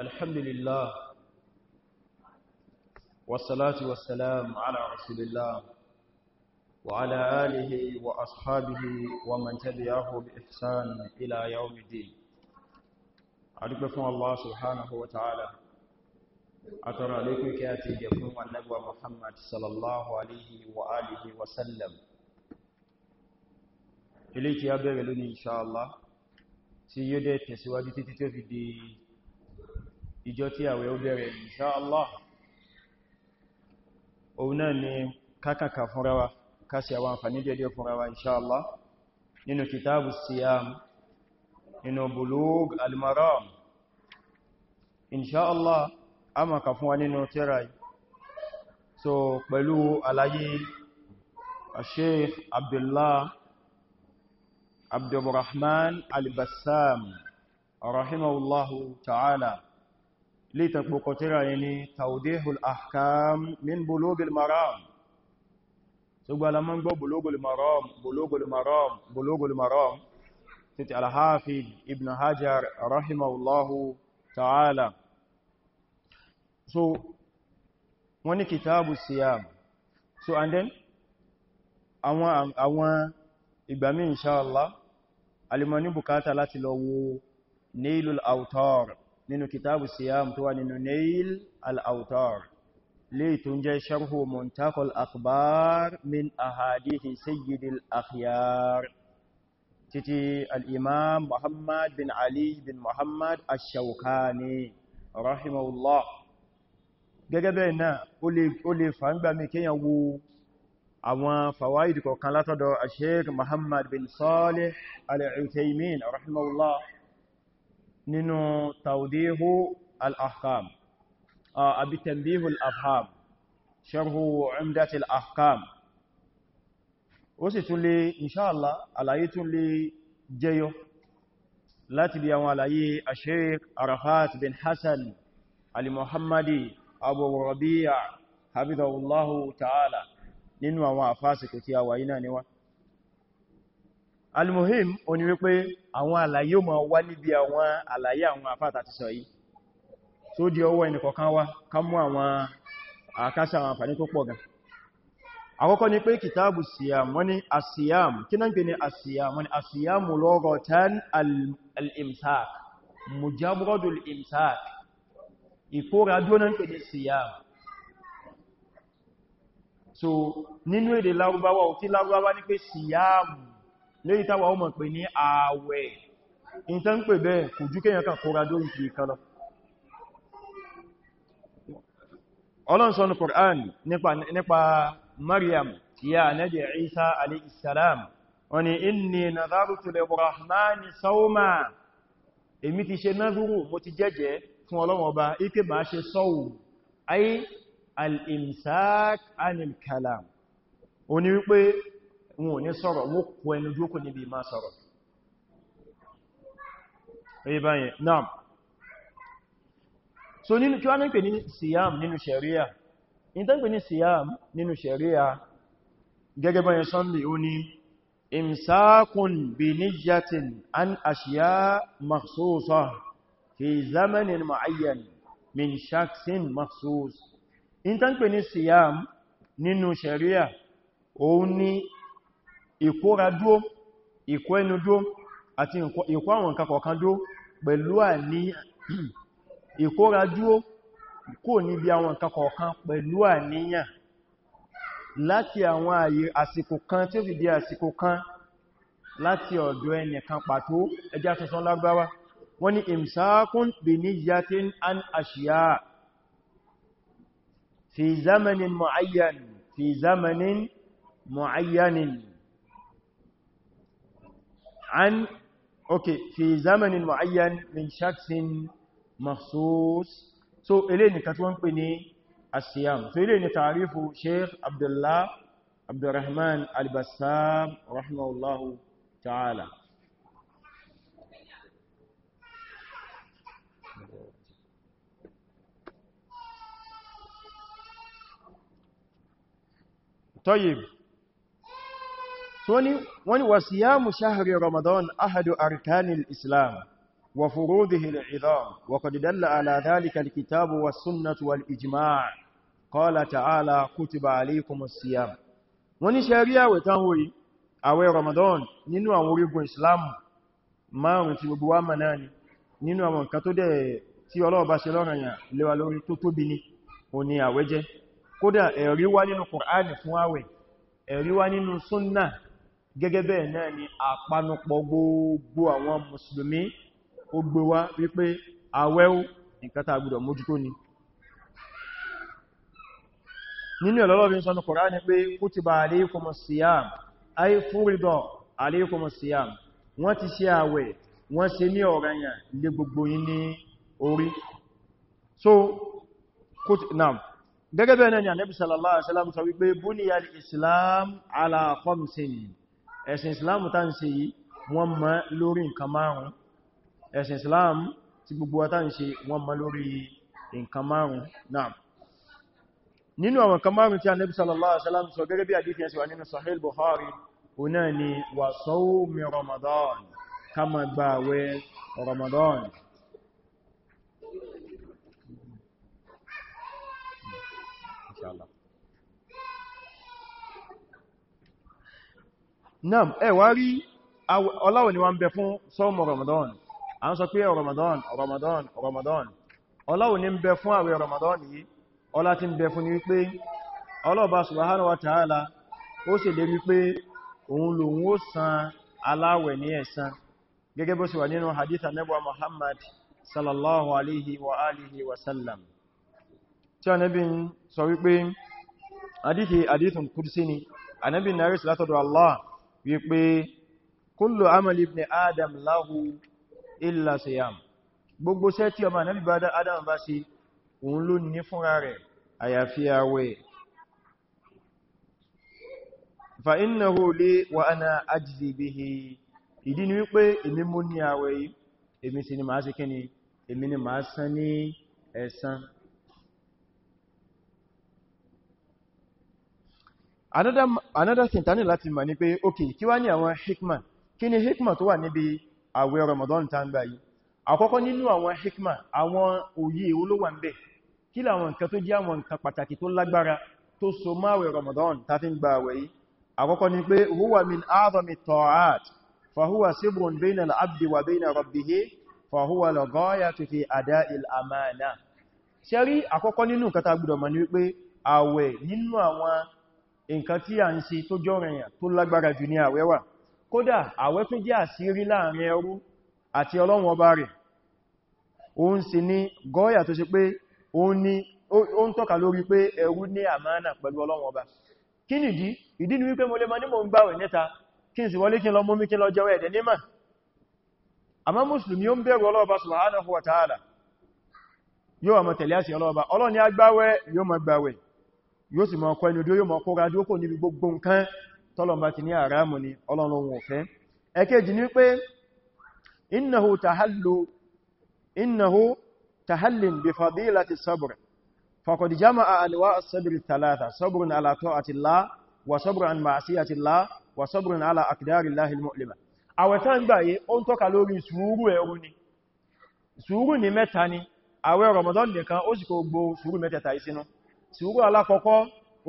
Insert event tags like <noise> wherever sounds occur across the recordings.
الحمد لله والصلاة والسلام على رسول الله وعلى آله وأصحابه ومن تبعه بإحسان إلى يوم الدين أدوكم الله سبحانه وتعالى أترى لكم كاتي يكون النبوة محمد صلى الله عليه وآله وسلم إليك يا بغلوني إن شاء الله tí yóò dẹ̀ tẹ̀síwájú títí tí ó fi di ìjọ tí àwẹ̀ ó bẹ̀rẹ̀ insha Allah òun náà ni kákàkà fúnra wa kásì àwọn àǹfàní dédé fúnra wa insha Allah nínú kitabu siyam nínú bulugh al-maram insha Allah a ma kà fún wa nínú tírà so pẹ̀lú àlàyé Sheikh Abdullah عبد الرحمن البسام رحمه الله تعالى لتطبق يعني توضيح الأحكام من بلوغ المرام سوف لما نقول بلوغ المرام بلوغ المرام بلوغ المرام تتي الحافظ ابن هاجر رحمه الله تعالى so wani kitabu siyam so and then àwọn àwọn ìgbàmí insha Allah alimọ̀ ní bukata láti lọ wo nailul autor nínú kitabu siyam tó wà nínú nail al-autor lè tó ń jẹ́ sharhu muntakol akhbar min ahadithi sayyidil akhyar títí al'imam muhammad bin ali bin muhammad ash-shawkani rahimahullah gẹ́gẹ́ bẹ́ẹ̀ náà ó lè fàǹgbà mi kíyàn wo àwọn fawaid kọ̀kan látọ̀dọ̀ Sheikh Muhammad bin Salih al-Uthaymin rahimahullah nínú tawdihu al-ahkam àbí tanbihu al-afham sharhu umdat al-ahkam ó sì tún lè inṣáàlá àlàyé tún lè jẹyọ láti bí àwọn àlàyé Sheikh Arafat bin Hassan al-Muhammadi Abu Rabi'a hafidhahullahu ta'ala nínú àwọn àfáàsìkò tí a wà yí náà ni wọ́n almuhim ó ní wípé àwọn àlàyé ma wá níbi àwọn àlàyé àwọn àfáàtà ti sọ yìí tó di ọwọ́ ẹnìkọ̀kan wá ká mú àwọn àkásà àwọn àǹfààní tó pọ̀ gan àkọ́kọ́ ni pé kìtàbù siyam wọ́n ni asiyam siyam so nínú èdè larubawa tí lárúbáwá ní pé síyáàmù lórí táwà ọmọ pè ní ààwẹ̀ in tán pè bẹ́ẹ̀ kò jú kéyàn kan kóra dórí kìí kálọ ọlọ́nsọ́nù Qur'an nípa Maryam ya nẹ́dẹ̀ Isa alayhi salam wani inni nazartu lirrahmani sauma èmi ti ṣe nazuru mo ti jẹ́jẹ́ fún Ọlọ́run Ọba ike ba ṣe sọ́wọ́ al-imsak anil kalam ó ní wípé wọn ò ní sọ̀rọ̀ wó kò ẹnu jókò níbi ma sọ̀rọ̀ èyí báyìí náà so nínú kí wá ní pè ní siyam nínú sharia in tán pè ní siyam nínú sharia gẹ́gẹ́ báyìí sunday ó ní imsakun bi niyyatin an ashiya makhsusa fi zamanin ma'ayyan min shaksin makhsus in tán ní siyam nínú sharia òun ni ìkóra dúó ìkó ẹnu dúó àti ìkó àwọn nǹkan kọ̀ọ̀kan dúó pẹ̀lú àní ìkóra dúó kò níbi àwọn nǹkan kọ̀ọ̀kan pẹ̀lú àníyàn láti àwọn àyè àsìkò kan tí ó fi di àsìkò kan láti ọ̀dọ̀ ẹnìkan pàtó ẹjá tuntun lágbáwá wọ́n ni imsakun bi niyyatin an ashiya' في زمن معين في زمن معين عن اوكي في زمن معين من شخص مخصوص سو اليني كاتون بني الصيام في اليني تعريفه شيخ عبد الله عبد الرحمن البسام رحمه الله تعالى طيب سوني وني وصيام شهر رمضان أحد أركان الإسلام وفروضه العظام وقد دل على ذلك الكتاب والسنة والإجماع قال تعالى كتب عليكم الصيام وني شريعة وتنوي àwẹ̀ Ramadan nínú àwọn orígun Islamu márùn-ún tí gbogbo wa mọ̀ náà ni nínú àwọn nǹkan tó dẹ̀ tí Ọlọ́run bá ṣe lọ́ranyàn lé wa lórí tó tóbi ní òní àwẹ̀ jẹ́ kódà ẹ̀rí wá nínú Kùránì fún àwẹ̀ ẹ̀rí wá nínú súnnà gẹ́gẹ́ bẹ́ẹ̀ náà ni àpanupọ̀ gbogbo àwọn mùsùlùmí ó gbé wá wípé àwẹ̀ ó nǹkan tá a gbọ́dọ̀ mójútó ni nínú ọlọ́lọ́bí siyam ay furida alaykumus siyam wọ́n ti ṣe àwẹ̀ wọ́n ṣe ní ọ̀ranyàn gẹ́gẹ́ bẹ́ẹ̀ náà ni Ànábì sallallahu alaihi wasallam sọ wípé buniya al-islam ala khamsin ẹ̀sìn islam ta ń ṣe yìí wọ́n ma lórí nǹkan márùn-ún ẹ̀sìn islam ti gbogbo wa ta ń ṣe wọ́n ma lórí nǹkan márùn-ún náà nínú àwọn nam ẹ wá rí ọláwọ̀ ni wọ́n bẹ fún sọ́ọ̀mù Ramadan a ń sọ pé Ramadan Ramadan Ramadan ọláwọ̀ ni ń bẹ fún àwẹ̀ Ramadan yìí ọlá ti ń bẹ fún ní wípé ọlọ́ọ̀bá subhanahu wa ta'ala ó sì lè wípé òun lòun ó san aláwẹ̀ ní ẹ̀san Muhammad sallallahu alaihi wa alihi wa sallam tí Ànábì sọ hadithi hadithun kudsi ni Ànábì Allah wípé kullu amali ibn adam lahu illa siyam gbogbo iṣẹ́ tí ọmọ anábì bá adam bá ṣe òun ló ní fúnra rẹ̀ àyàfi àwẹ̀ fa innahu li wa ana ajzi bihi ìdí ni wípé èmi mú ní àwẹ̀ yìí èmi sì ni màá ṣe kíni èmi ni màá san ní ẹ̀san another another thing tani láti mọ̀ ní pé okay kí wá ní àwọn hikma kí ni hikma tó wà níbi àwẹ̀ Ramadan tán báyìí àkọ́kọ́ nínú àwọn hikma àwọn òye olówà ń bẹ kí láwọn nǹkan tó jẹ́ àwọn nǹkan pàtàkì tó lágbára tó so máwẹ̀ Ramadan tá fi ń gba àwẹ̀ yìí àkọ́kọ́ ni pé huwa min azami ta'at fahuwa sibrun bayna al-abdi wa bayna rabbihi fahuwa al-ghayatu fi ada'il amana ṣe rí àkọ́kọ́ nínú nǹkan tá gbọ́dọ̀ mọ̀ ní wípé àwẹ̀ nínú nǹkan tí a ń ṣe tó jọ́rẹ̀yàn tó lágbára jù ní àwẹ̀ wà kódà àwẹ̀ tún jẹ́ àṣírí láàrin ẹrú àti ọlọ́run ọba rẹ̀ òun sì ni gọ́ọ̀yà tó ṣe pé ó ń tọ́ka lórí pé ẹrú ní àmánà pẹ̀lú ọlọ́run ọba kí nìdí ìdí ni wípé mo lè mọ́ ní mò ń gbàwẹ̀ níta kí n sì wọlé kí n lọ mú mi kí n lọ yóò àmọ̀ tẹ̀lé àṣì ọlọ́ọba ọlọ́ni agbáwẹ̀ yóò máa gbàwẹ̀ yóò sì máa kọ́ inú dúró yóò máa kóra dúró kò níbi gbogbo nǹkan tọ́lọ̀mbá ti ní àrámù ni ọlọ́run ò fẹ́ ẹ̀kejì ní pé innahu tahallu innahu tahallin bi fadilati sabr faqad jama'a anwa as-sabri thalatha sabrun ala ta'ati Allah an ma'siyati Allah wa sabrun ala aqdari Allah al-mu'lima àwẹ̀ tán gbà ó ń tọ́ka lórí sùúrù ẹ̀rù ni sùúrù ni mẹ́ta ni àwẹ̀ Ramadan nìkan ó sì kó gbó sùúrù mẹ́tẹ̀ta ìsinú sùúrù alákọ̀ọ́kọ́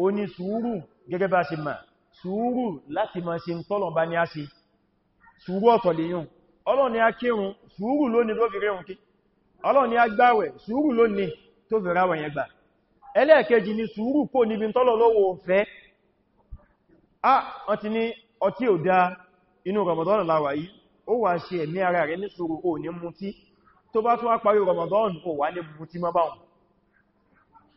ó ní sùúrù gẹ́gẹ́ bá ṣe mà sùúrù láti máa ṣe tọ́lọ̀ bá ní a ṣe sùúrù ọ̀tọ̀ lèyàn ni a kírun sùúrù lónìí tó fi rẹ̀hùn ni a gbáwẹ̀ sùúrù lónìí tó fi ráwẹ̀ yẹn gbà ẹlẹ́ẹ̀kejì ni sùúrù kò níbi tọ́lọ̀ lọ́wọ́ fẹ́ a wọ́n ti ní ọtí ò dá inú Ramadan láwà yìí ó wà ṣe ẹ̀mí ara rẹ̀ ní sùúrù ò ní mutí tó bá tún wá parí Ramadan ò wà ní mutí mọ́ báwọn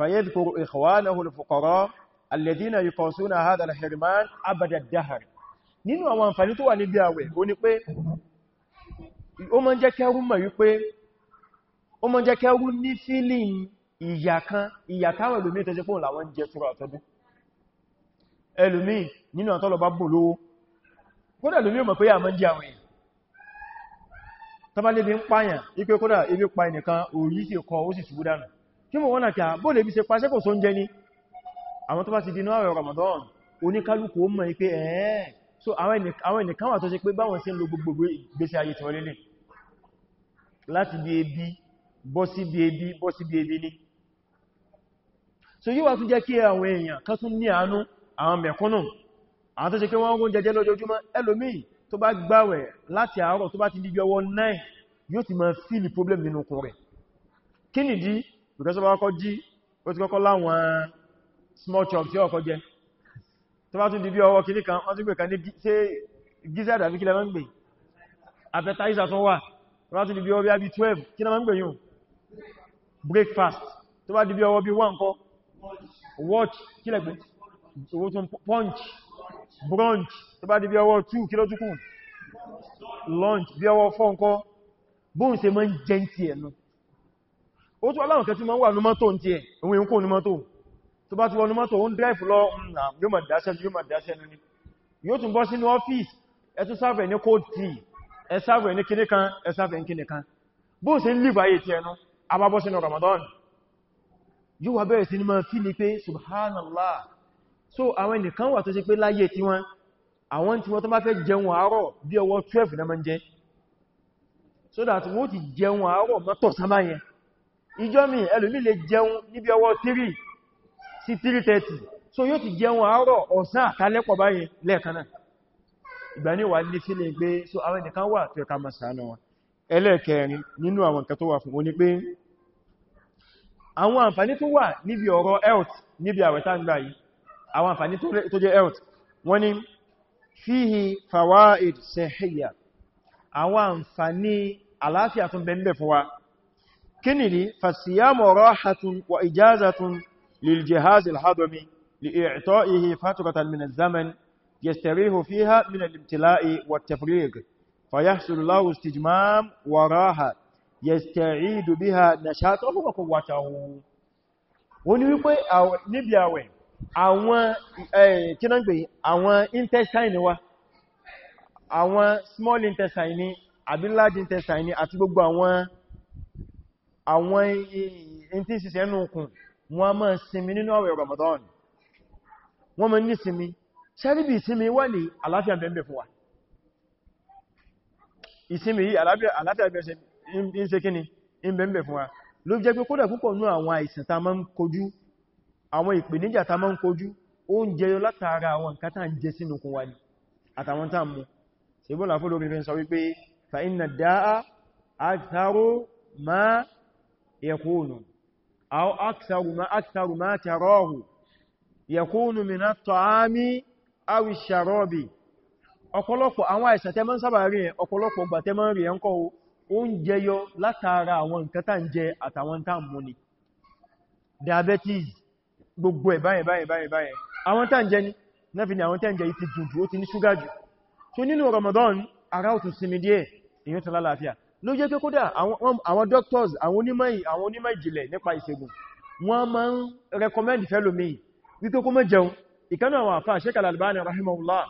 فيذكر إخوانه الفقراء الذين يقصون هذا الحرمان أبد الدهر nínú àwọn àǹfààní tó wà níbi àwẹ̀ ó ní pé ó máa ń jẹ́ kẹ́rù mọ̀ wípé ó máa ń jẹ́ kẹ́rù ní fílìn ìyà kan ìyà táwọn ẹlòmí tẹ́sí fún làwọn jẹ́ túnra àtọ́dún ẹlòmí nínú àtọ́lọ bá bò lówó kódà ẹlòmí mọ̀ pé àmọ́ jẹ́ àwẹ̀ tọ́bá lébi ń pààyàn ipé kódà ebi pa ẹnìkan òyí sì kọ ó sì ṣubú dànù kí mọ̀ wọ́n nàkà bó lè bí ṣe pàṣẹ kò só ń jẹ ní àwọn tó bá ti dínú àwẹ̀ Ramadan oníkálùkù ó mọ̀ pé ẹ̀ẹ́ so àwọn ẹnìkan wà tó ṣe pé báwọn ṣe ń lo gbogbo ìgbésí ayé tí wọ́n lélẹ̀ láti bí ebi bọ́ sí bí ebi bọ́ sí bí ebi ní so yíò wá tún jẹ́ kí àwọn èèyàn kan tún ní àánú àwọn mẹ̀kúnnù àwọn tó ṣe pé wọ́n ń jẹjẹ lójoojúmọ́ ẹlòmíì tó bá gbàwẹ̀ láti àárọ̀ tó bá ti di ọwọ́ 9 yóò ti máa feel problem nínú ọkàn rẹ̀ kí nìdí because ọba ọkọ̀ jí ó ti kọ́kọ́ láwọn small chop tí ọkọ̀ jẹ tó bá tún di bí ọwọ́ kìíní kan wọ́n tún gbé kan ní ṣe gizzard àbí kílẹ̀ mọ́gbè appetizer tún wà tó bá tún di bí ọwọ́ bí 12 kílẹ̀ mọ́gbè yùn breakfast tó bá di bí ọwọ́ bí 1 kọ́ watch kílẹ̀ pé owó tún punch brunch tó bá di bí ọwọ́ 2 kílọ̀ tún kù lunch bí ọwọ́ 4 kọ́ bóun ṣe mọ́ jẹ́ ti ó tún aláwọn kẹtí ma ń wà ní mọ́tò ní ẹ̀ òun èyí kò ní mọ́tò tó bá ti wọ́n ní mọ́tò ó ń drive lọ hmm, yóò máa dáṣẹ́ yóò máa dáṣẹ́ ní yóò tún bọ́ sínú ọ́fíìsì ẹ sáfẹ̀ ní code t ẹ sáfẹ̀ ní kíní kan ẹ sáfẹ̀ ní kíní kan bó ṣe ń lìbà ayé ti Ramadan yóò wà bẹ̀rẹ̀ sí subhanallah so àwọn ẹnìkan wà tó ṣe pé láyé tí wọ́n àwọn tí wọ́n tó bá fẹ́ jẹun àárọ̀ bí so that wọ́n ti jẹun àárọ̀ mọ́tọ̀ sámáyẹn ìjọ́ mi ẹlòmí lè jẹun níbi ọwọ́ 3 sí 3:30 so yóò ti jẹun àárọ̀ ọ̀sán àtàlẹ́pọ̀ báyìí lẹ́ẹ̀kanáà ìgbà ní wà ní fílẹ̀ pé so àwọn ẹnìkan wà tó ẹka masana wọn ẹlẹ́ẹ̀kẹrin nínú àwọn nǹkan tó wà fún oní pé àwọn àǹfàní tó wà níbi ọ̀rọ̀ health níbi àwẹ̀ta ń gbà yìí àwọn àǹfàní tó jẹ́ health wọ́n tún bẹ̀m̀bẹ̀ fún wa كنلي فالصيام راحة وإجازة للجهاز الهضمي لإعطائه فترة من الزمن يستريح فيها من الامتلاء والتفريغ فيحصل له استجمام وراحة يستعيد بها نشاطه وقوته wọ́n wípé níbi àwẹ̀ àwọn kínágbé àwọn intestine wa àwọn small intestine àbí large intestine àti gbogbo àwọn àwọn tí ń ṣiṣẹ́ ẹnu okùn wọn a máa sinmi nínú àwẹ̀ Ramadan wọ́n máa ní sinmi ṣẹ́ríbì ìsinmi wà ní àlàáfíà bẹ̀m̀bẹ̀ fún wa ìsinmi yìí àlàáfíà bẹ̀m̀bẹ̀ fún wa ló jẹ́ pé kódà púpọ̀ nú àwọn àìsàn ta máa ń kojú àwọn ìpèníjà ta máa ń kojú ó ń jẹyọ látara àwọn nǹkan tá ń jẹ sínú okùn wa ni àtàwọn tá mú ṣe bọ́lá fún lórí fi ń sọ wípé fa inna dáa àtàrò máa يكون أو أكثر ما, أكثر ما تراه يكون من الطعام أو الشراب ọ̀pọ̀lọpọ̀ àwọn àìsàn tẹ́ sábà rí ẹ̀ ọ̀pọ̀lọpọ̀ ọgbà tẹ́ rí ẹ̀ ń kọ́ oúnjẹ yọ látara àwọn nǹkan tá jẹ ni diabetes gbogbo ẹ̀ àwọn jẹ ní ló jẹ́ pé kódà àwọn doctors àwọn onímọ̀ ìjìnlẹ̀ nípa ìṣègùn wọ́n máa ń recommend fẹ́lòmí wípé kó má jẹun ìkánú àwọn àfáà Sheikh albani rahimahullah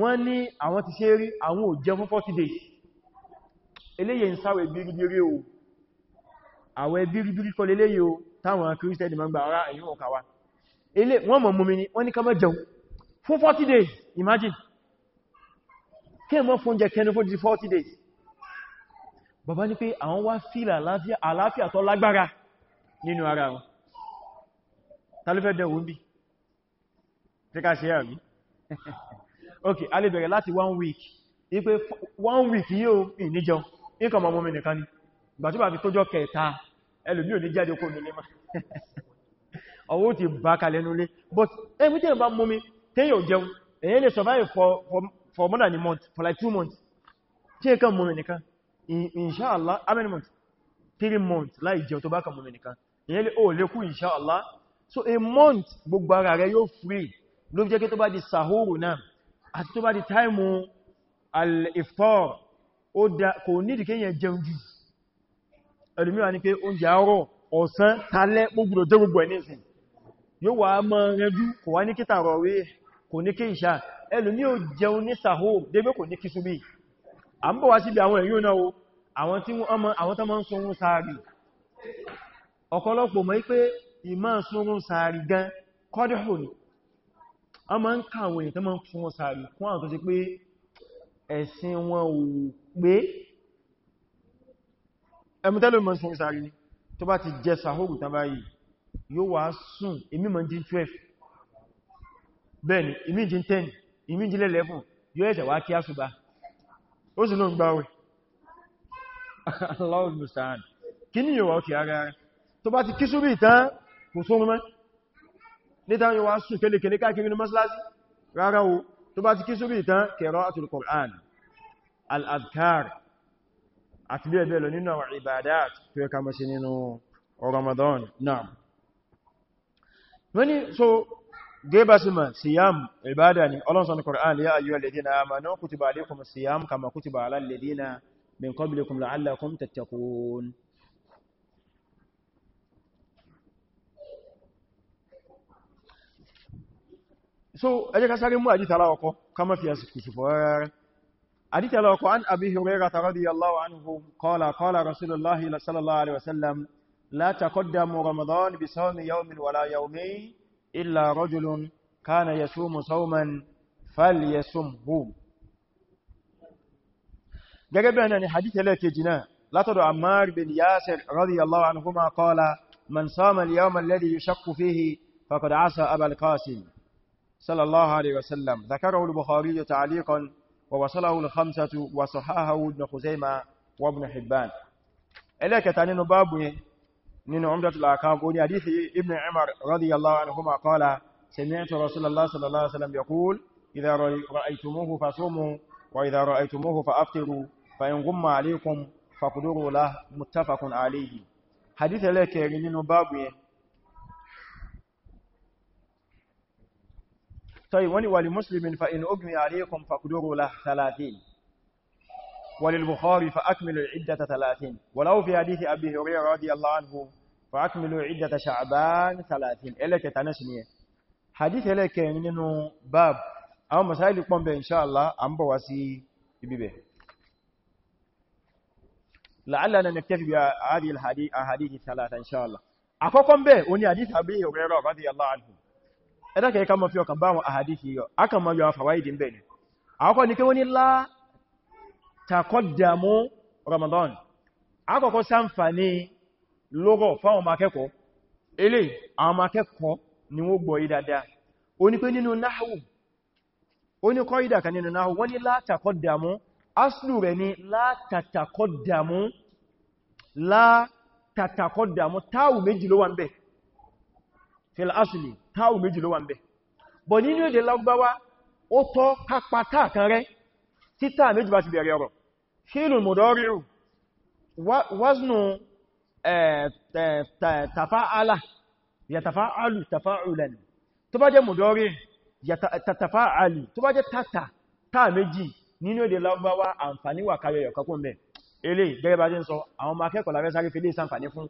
wọ́n ní àwọn ti ṣe rí àwọn ò 40 days eléyẹ ń sáwẹ̀ o àwẹ̀ bíríbírí 40 days bàbá ní pé àwọn wá fílà àláfíà tó lágbára nínú ara wọn tàlúfẹ́ dẹ̀wò ń bí tíká ṣe àrí <laughs> ok a lè bẹ̀rẹ̀ láti one week ipé one week yíò ìníjọ nǹkan ọmọ mi nìkan ni gbàtí bàbí tó jọ kẹta ẹlòmí ò ní jáde kó nílé má <laughs> ọwọ́ ti bá kalẹ̀ nulé but ẹmí tẹ́yìn bá mú mi tẹ́yìn ò jẹun èyí lè survive for, more than a month for like two months tí ẹ̀kan mú mi nìkan inshallah how many months three months láì jẹun tó bá kà mọ́mí nìkan lè ó lékú inshallah so a month gbogbo ara rẹ yóò free ló jẹ́ kí tó bá di sahoro náà àti tó bá di time al-iftar kò nídìí kéèyàn jẹun jù ẹlùmíwà ní pé oúnjẹ àárọ̀ ọ̀sán talẹ́ gbogbo jẹ gbogbo ẹ̀ nísìn yóò wà mọ́ rẹjú kò wá ní kí tààrọ̀ wé kò ní kí ìṣà ẹlùmí ò jẹun ní sahoro débé kò ní kí súnmí a ń bọ̀ wá síbi àwọn èyí náà o àwọn tí wọ́n tán máa ń sunrun sáàrì ọ̀kọ́lọpọ̀ mọ̀ pé ìmá sunrun sáàrì gan kọ́dùhù ni a máa ń ká àwọn èyí tán máa ń sunrun sáàrì kún àwọn tó ṣe pé ẹ̀sìn wọn ò pé ẹmùtẹ́lò mọ́ sunrun sáàrì ni ó sì ló ń gbáwẹ̀ <laughs> Allahu musta'an kí ní yíwa òkè ara rẹ̀ tó bá ti kí súbì tán kò só mọ́ níta yíwa sùn kélekèlé káàkiri ní mọ́sálásí rárá o tó bá ti kí súbì tán qira'atul Qur'an gẹ́bà sí ma siyam ìbádà ni ọlọ́nsọ́nà Qur'an ya ayyuhal ladhina amanu kutiba alaykum siyam kama kutiba alal ladhina min qablikum la'allakum tattaqun so ẹjẹ́ ká sáré mú àdítà aláwọ̀kọ́ kama fi àsìkò sùfọ́ rárá àdítà aláwọ̀kọ́ an abi hurairah radiyallahu anhu qala qala rasulullahi sallallahu alaihi wasallam la taqaddamu ramadan bi sawmi yawmin wala yawmayn إلا رجل كان يصوم صوما فليصمه gẹ́gẹ́ bẹ́ẹ̀ náà ni hadith ẹlẹ́kejì náà látọ̀dọ̀ Ammar bin Yasir radiyallahu anhuma qala man sama al-yawma alladhi yushaqqu fihi faqad asa Abal Qasim sallallahu alayhi wa sallam dhakarahu al-Bukhari ta'liqan wa wasalahu al-khamsatu wa sahahahu ibn Khuzaimah wa ibn Hibban ẹlẹ́kẹta nínú báàbù yẹn من عمدة الأحكام قولي حديث ابن عمر رضي الله عنهما قال سمعت رسول الله صلى الله عليه وسلم يقول إذا رأيتموه فصوموا وإذا رأيتموه فأفطروا فإن غم عليكم فاقدروا له متفق عليه حديث لك من باب طيب ولمسلم فإن أغمي عليكم فاقدروا له ثلاثين وللبخاري فأكمل عدة ثلاثين ولو في حديث أبي هريرة رضي الله عنه فأكمل عدة شعبان ثلاثين إليك تنسمية حديث إليك منه باب أو مسائل يقوم به إن شاء الله أم بواسي ببه لعلنا نكتفي بهذه الحديث الثلاثة إن شاء الله أفقم به أني حديث أبي هريرة رضي الله عنه إذا كان كما فيه كان بام أحاديث أكما يوافوايد بين أقول لك وني الله takọ́dàmú Ramadan akọ́kọ́ sáǹfàní lọ́gọ̀ fáwọn makẹ́kọ̀ọ́ ilé àwọn makẹ́kọ̀ọ́ ni wọ́n gbọ́ ìdàdà ó ní pé nínú náhù ó ní kọ́ ìdàkà nínú náhù wọ́n ní látakọ́dàmú aṣlù rẹ̀ ni látatakọ́dàmú látatakọ́dàmú táwù méjì ló wà ń bẹ̀ fil asli táwù méjì ló wà ń bẹ̀ títà méjì bá ti bẹ̀rẹ̀ ọ̀rọ̀ fílù mọ̀dọ́rírù waznu tafa'ala ya tafa'alu tafa'ulan tó bá jẹ́ mọ̀dọ́rí ya tafa'alu tó bá jẹ́ tata tá méjì nínú èdè lábáwá àǹfàní wà káyọ yọ̀ kọkún mẹ́ ilé gẹ́gẹ́ bá jẹ́ ń sọ àwọn ọmọ akẹ́kọ̀ọ́ lábẹ́ sáré fèlé ìsànfàní fún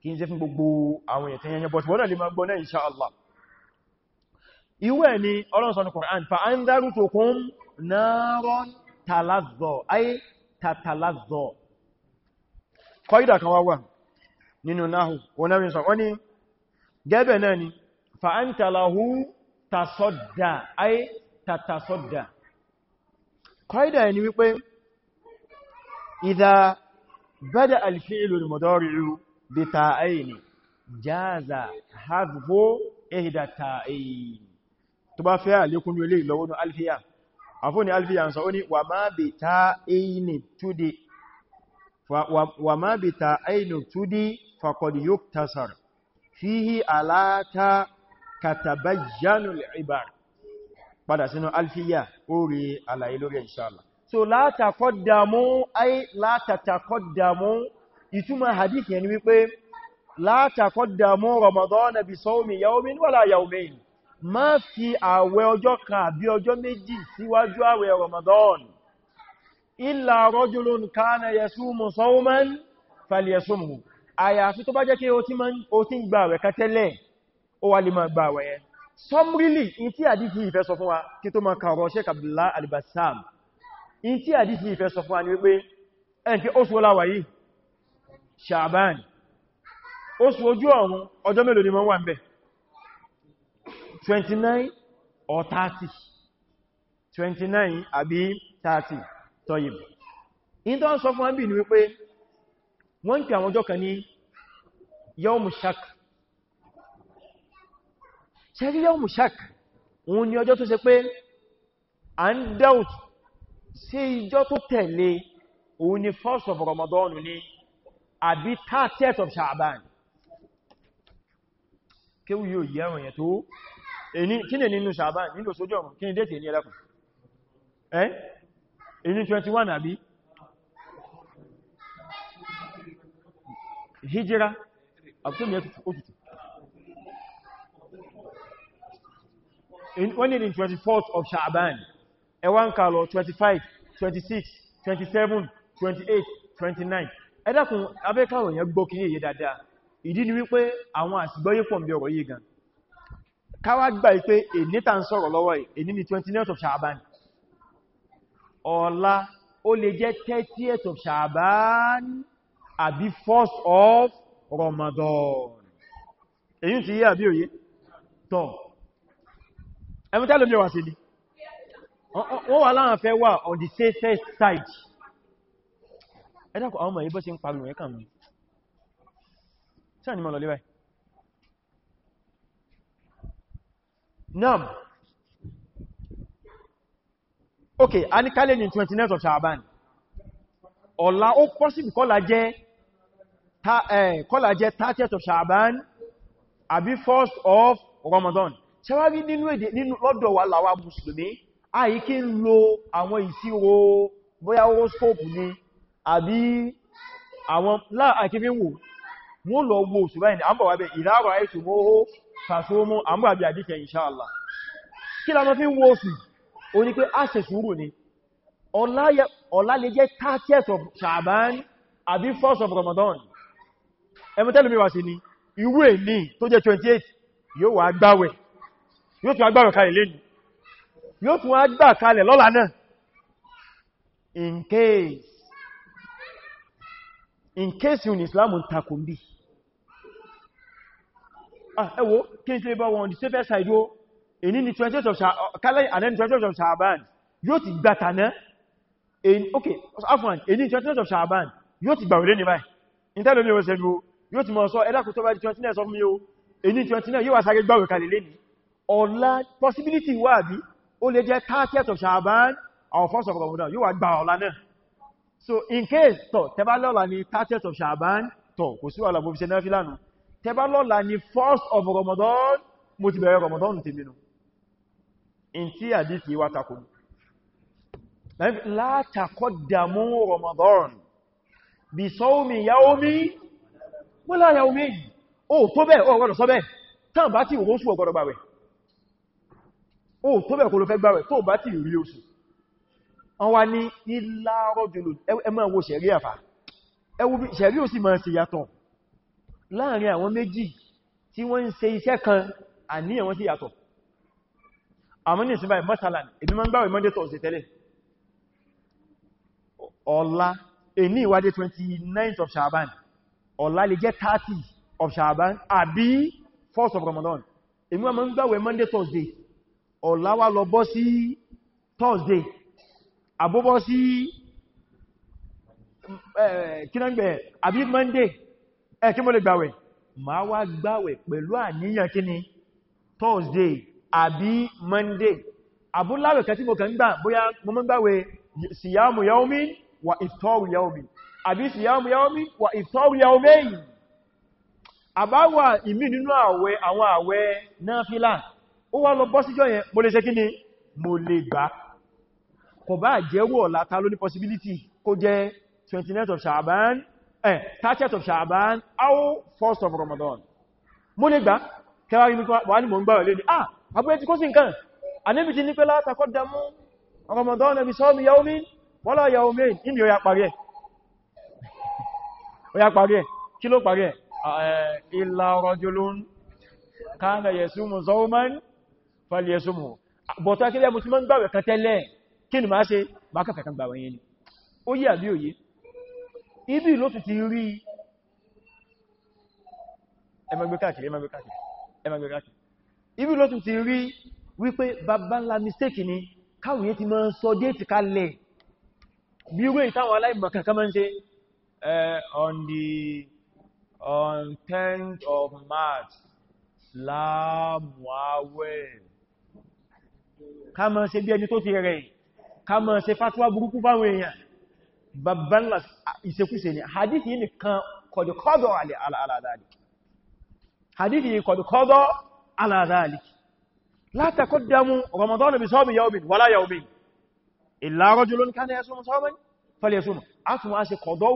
kí n ṣe fún gbogbo àwọn ètò yẹnyẹn bọ̀tí wọ́n náà Qur'an fa an dharutukum náàrán tàlázọ̀ ayé tàtàlázọ̀ kọ́ídà kan wá wà nínú náà wọ́n náà sọ wọ́n ni gẹ́bẹ̀ náà ni fa'antalahu tasọ́dà ayé tàtàsọ́dà kọ́ídà ni wípé ìdá bada alfi'ilu al-mudari'u bi ta'ayni jaza hadhu ihda ta'ayni tó bá fẹ́ àlékún ní ilé ìlọ́wọ́nú alfiya afoni alfiyan so oni wa ma bi ta aini tudi wa, wa ma bi ta aini tudi faqad yuktasar fihi alata katabayyanu al-ibar padà sínú alfiya ori àlàyé lórí inshallah so la taqaddamu ay la tataqaddamu ìtumọ̀ hadith yẹn wípé la taqaddamu ramadana bi sawmi yawmin wala yawmayn má fi ààwẹ̀ ọjọ́ kan àbí ọjọ́ méjì síwájú ààwẹ̀ Ramadan illa rajulun kana yasumu sawman falyasumhu àyàfi tó bá jẹ́ kí o ti ń gba ààwẹ̀ kan tẹ́lẹ̀ ó wà lè máa gba ààwẹ̀ yẹn sọmrílì in tí àdífì ìfẹ́ sọ fún wa kí tó máa kàrọ Sheikh Abdullah Al-Bassam in ni wípé ẹnkí 29 or 30 29 àbí 30 tọ́yìn in tó ń sọ fún ẹbí ni wípé wọ́n ń pè àwọn ọjọ́ kan ní yawmu shak ṣe rí yawmu shak òun ni ọjọ́ tó ṣe pé a ń doubt sí ìjọ tó tẹ̀lé òun ni first of Ramadan ni àbí 30th of Sha'ban kí wíyò yẹ́rùn yẹ tó kí ni nínú ṣàbán nínú sójú ọmọ kí ni déètì ní ẹlẹ́kùn ẹ́ inú 21 àbí hijira àbútómi òtútù wọ́n ní 24th of ṣàbán ẹwà ń kàlọ̀ 25 26 27 28 29 ẹ̀dàkùn abẹ́kàwò yẹn gbọ́ kí ní èyẹ dáadáa ìdí ni wípé àwọn àsìgbọ́yé pọ̀ mbẹ̀ ọ̀rọ̀ yìí gan káwà gbà pé èní tàn sọ̀rọ̀ lọ́wọ́ èní ni 29th of Sha'ban ọ̀la ó lè jẹ́ 30th of Sha'ban àbí 1st of Ramadan èyí tí yí àbí òye tọ́ ẹmú tẹ́lẹ̀ mi sí ni wọ́n wà láàrín fẹ́ wà on the safest side ẹ̀dàkọ̀ àwọn ọmọ ìbọ́ sí ń pariwo ẹ̀kàn ni mọ́ naam Okay. a ní kálẹ̀ ní 29th of Shaban ọ̀la ó possible kọ́lá jẹ́ kọ́lá jẹ́ 30th of Shaban àbí 1st of Ramadan ṣẹ́wárí nínú èdè nínú lọ́dọ̀ wà láwá mùsùlùmí àyí kí ń lo àwọn ìṣirò bóyá horoscope ni àbí àwọn láàkífínwò wọ́n lọ wo òṣùbáyìn àbọ̀wàbẹ̀ ìdáwà ẹ̀ṣùgbọ́ sàsómú àmúbàbí àdíkẹ̀ inṣáàlá kí la mọ́ fi ń wo oṣù o ní pé a ṣe sùúrù ni ọ̀lá lè jẹ́ 30th of Sha'ban àbí 1st of Ramadan ẹmú tẹ́lù mi wà sí ni irú èní tó jẹ́ 28 yóò wà gbáwẹ̀ yóò tún agbáwẹ̀ kalẹ̀ lẹ́nu yóò tún agbá kalẹ̀ lọ́la náà in case in case yun Islam takùnbí Ah, ẹwọ́ kí n ṣe bá wọn di safe side ó èní ni 28 of kálẹ̀ uh, and then 28 of Sha'ban yóò ti gbà tàná ok afwan èní 28 of Sha'ban yóò ti gbà wọlé ní báyìí ìtẹ́lẹ̀ mi wọ́n sẹ́nu yóò ti mọ̀ sọ ẹ̀dàkù tó bá di 29 sọ fún mi ó èní 29 yóò wà sáré gbàwẹ̀ kalẹ̀ lẹ́ni ọ̀la possibility wà bí ó lè jẹ́ 30 of Sha'ban our first of Ramadan yóò wà gbà ọ̀la náà so in case tọ̀ tẹ́bá lọ́la ni 30 of Sha'ban tọ̀ kò sí wà lọ́gbọ́ fi ṣe náà fi lánàá tẹbá lọ́la ni first of Ramadan mo ti bẹ̀rẹ̀ Ramadan tèmi nù in tí àdíkì wá takò la taqaddamu Ramadan bi sawmi yawmi wala yawmayn o tó bẹ́ o gbọ́dọ̀ sọ bẹ́ tán bá ti oṣù ọgọ́dọ̀ gbàwẹ̀ o tó bẹ́ kò ló fẹ́ gbàwẹ̀ tó bá ti rí oṣù wọ́n wá ní illa rajulun ẹ máa wo àfà ẹwú ṣẹ̀rí ò sì máa ṣe yàtọ̀ láàrin àwọn méjì tí wọ́n ń ṣe iṣẹ́ kan àníyàn wọn sì yàtọ̀ àmọ́ ní ìsinmi masalan èmi máa ń gbààwẹ̀ monday thursday tẹ́lẹ̀ ọ̀la èní ìwádé 29th of shaban ọ̀la lè jẹ́ 30 of shaban àbí 1st of ramadan èmi máa ń gbààwẹ̀ monday thursday ọ̀la wá lọ bọ́ sí thursday àbúbọ́ sí eh, kínágbẹ̀ àbí monday ẹkí eh, mo lè gbàwẹ̀ ma wá gbàwẹ̀ pẹ̀lú àníyàn kí ni Thursday àbí Monday àbúláwẹ̀ kẹtí mo kàn gbà bóyá mo mọ́ gbàwẹ̀ siyamu yaomi wa iftaru yaomi àbí siyamu yaomi wa iftaru yaomi àbáwà ìmí nínú àwẹ̀ àwọn àwẹ̀ náfílà ó wá lọ bọ́ síjọ́ yẹn mo lè ṣe kí ni mo lè gbà kò bá jẹ́wọ́ ọ̀lá ta possibility kó jẹ́ 29th of Shaban eh 30th of Sha'ban aw 1st of Ramadan mo lè gbà kẹwàá ní wà ní mò ń gbà wẹ̀lẹ́ ní ah agbẹ́ ti kó sí nǹkan anẹ́bì ti ní pé látakọ́ dámú Ramadan bí sọ́ọ̀mí yaumin wala yaumin inú ó yá parí ẹ̀ ó yá parí ẹ̀ kí ló parí ẹ̀ eh, illa rajulun kana yasumu zawman falyasumhu bọ̀tọ́ akílẹ̀ mo ti mọ́ ń gbàwẹ̀ kan tẹ́lẹ̀ kí ni máa ṣe máa kàkàkà gbàwẹ̀ yẹn ni ó yí àbí ibi ló ti rí ẹmẹgbẹ́ káàkiri ẹmẹgbẹ́ káàkiri ẹmẹgbẹ́ káàkiri ibi ló ti rí wípé bàbá ńlá mistake ni káwòye ti máa sọ déètì kalẹ̀ bí irú ìtawọ̀ aláìmọ̀kan kan máa ń ṣe on the on 10th of March láàmùáwẹ̀ ká máa ṣe bí ẹni tó ti rẹ̀ ká máa ṣe fatuwa burúkú fáwọn èèyàn babban ìṣekúṣe ni hadithi yìí nìkan kọ̀dọ̀kọ́dọ̀ aláàdáàlìkì hadithi yìí kọ̀dọ̀kọ́dọ̀ aláàdáàlìkì látàkọ́dàmú ramadan bí sọ́bí yaubin wala yaubin illa rajulun kana yasumu sawman falyasum a tún wá ṣe kọ̀dọ̀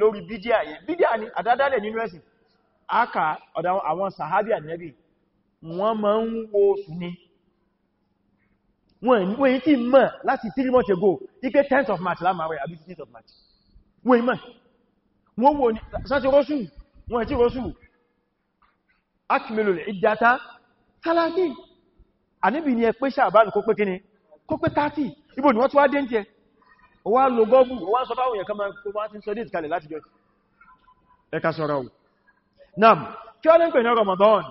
lórí bídíà yẹn bídíà ni àdádálẹ̀ nínú ẹ̀sìn aka ọ̀dọ̀ àwọn sahabi annabi wọ́n máa ń wo wọ́n yí tí mọ̀ láti 3 months ago ike 10th of March lámàwẹ̀ àbí 15th of March wọ́n yí mọ̀ wọ́n wọ́n ní sáti rọ́sù wọ́n yí tí rọ́sù akimelo ìdáta tàlàdí àníbì ni ẹ pé sàbánù kó pé kíni kó pé 30 ibò ni wọ́n tí wá dé ń tẹ wá lo gọ́gù wá sọ fáwọn èèyàn kan máa kó wá ti ń sọ déètì kalẹ̀ láti jọ ẹka sọ̀rọ̀ ò nam kí wọ́n ń pè ní Ramadan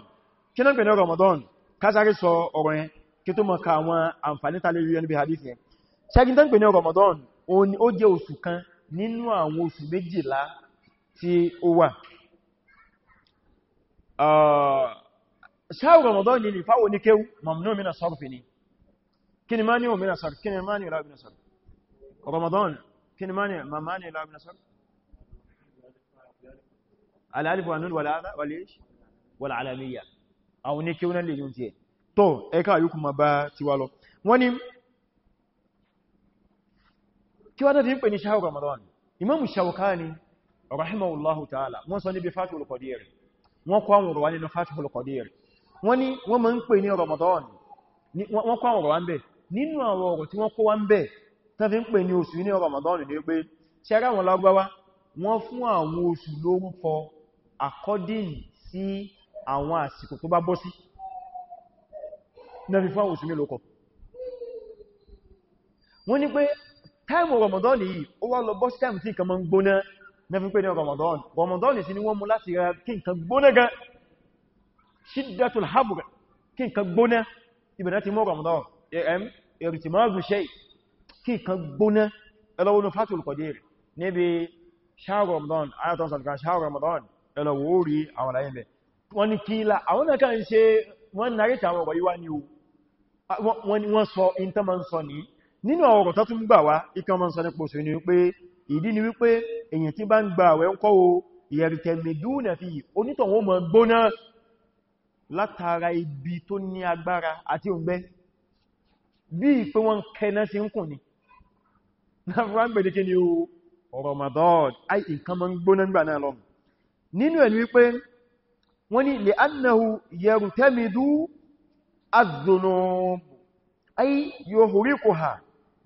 kí wọ́n ń pè ní Ramadan kásáré sọ ọ̀rọ̀ yẹn kí tó mọ̀ ka àwọn àǹfàní tàbí rí ẹni bí hadith yẹn ṣẹ́gin tán pè ní Ramadan ó jẹ́ oṣù kan nínú àwọn oṣù méjìlá tí ó wà ṣáà Ramadan ni fáwọn ní kéwú mamnu mina sarfi ni kí ni mani omina sarfi kí ni mani ila mina sarfi Ramadan kí ni mani mamani ila mina sarfi àwọn ní kéwú náà lè yóò tiẹ̀ tọ ẹka yóò ma bá tiwa lọ wọ́n ni kí wọ́n tó dín pè ní ṣáhù Ramadan imamu Shawkani rahimahullahu ta'ala wọ́n sọ níbi Fathul Qadir wọ́n kọ́ àwọn ọ̀rọ̀wá nínú Fathul Qadir wọ́n ni wọ́n ma ń pè ní Ramadan wọ́n kọ́ àwọn ọ̀rọ̀ nẹ́fí fún àwọn òsùnmí lókọ wọ́n ní pé táìmù Ramadan yìí ó wá lọ bọ́sí táìmù tí nǹkan ma ń gbóná nẹ́fí pé ní Ramadan Ramadan sí ni wọ́n mú láti ra kí nǹkan gbóná gan shiddatul habr kí nǹkan gbóná ibẹ̀rẹ̀ ti mú Ramadan am irtimazu shay kí nǹkan gbóná ẹlọ́wọ́n fatul qadir níbi shahr Ramadan ayatollah salkan shahr Ramadan ẹlọ́wọ́ orí àwọn aláyẹ̀bẹ̀ wọ́n ni kí la àwọn náà kàn ṣe wọ́n narí tàwọn ọ̀rọ̀ yíwá ni o Ah, wọ́n sọ ìntán ma ń sọ ní nínú àwọn ọ̀rọ̀ tó tún gbà wá ikán ma ń sọ ní pòsò ní wípé ìdí ni wípé èyàn tí bá ń gba àwẹ̀ ń kọ́wọ́ ìyẹ̀rìtẹ̀mìdúnà fi onítọ̀wọ́ mọ̀ gbóná látara ibi tó ní agbára àti òǹgbẹ́ bí i pé wọ́n kẹna sí ń kùn ní náà gbẹ̀dẹ̀ kí ni o Ramadan ai nǹkan ma ń gbóná gbà náà lọ nínú az-zunub ay yuhriquha